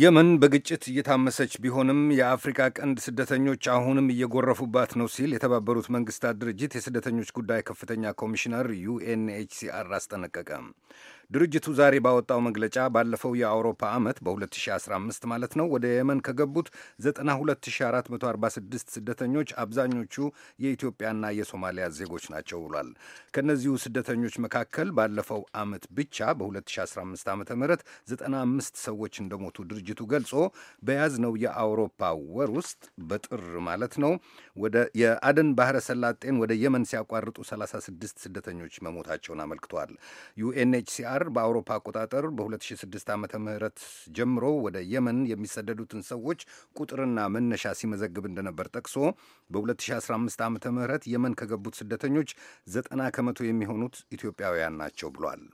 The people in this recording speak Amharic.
የመን በግጭት እየታመሰች ቢሆንም የአፍሪካ ቀንድ ስደተኞች አሁንም እየጎረፉባት ነው ሲል የተባበሩት መንግስታት ድርጅት የስደተኞች ጉዳይ ከፍተኛ ኮሚሽነር ዩኤንኤችሲአር አስጠነቀቀ። ድርጅቱ ዛሬ ባወጣው መግለጫ ባለፈው የአውሮፓ ዓመት በ2015 ማለት ነው ወደ የመን ከገቡት 92446 ስደተኞች አብዛኞቹ የኢትዮጵያና የሶማሊያ ዜጎች ናቸው ብሏል። ከእነዚሁ ስደተኞች መካከል ባለፈው ዓመት ብቻ በ2015 ዓ ም 95 ሰዎች እንደሞቱ ድርጅቱ ገልጾ በያዝነው የአውሮፓ ወር ውስጥ በጥር ማለት ነው ወደ የአደን ባህረ ሰላጤን ወደ የመን ሲያቋርጡ 36 ስደተኞች መሞታቸውን አመልክቷል። ዩኤንኤችሲአር በአውሮፓ አቆጣጠር በ2006 ዓ ምህረት ጀምሮ ወደ የመን የሚሰደዱትን ሰዎች ቁጥርና መነሻ ሲመዘግብ እንደነበር ጠቅሶ በ2015 ዓመተ ምህረት የመን ከገቡት ስደተኞች ዘጠና ከመቶ የሚሆኑት ኢትዮጵያውያን ናቸው ብሏል።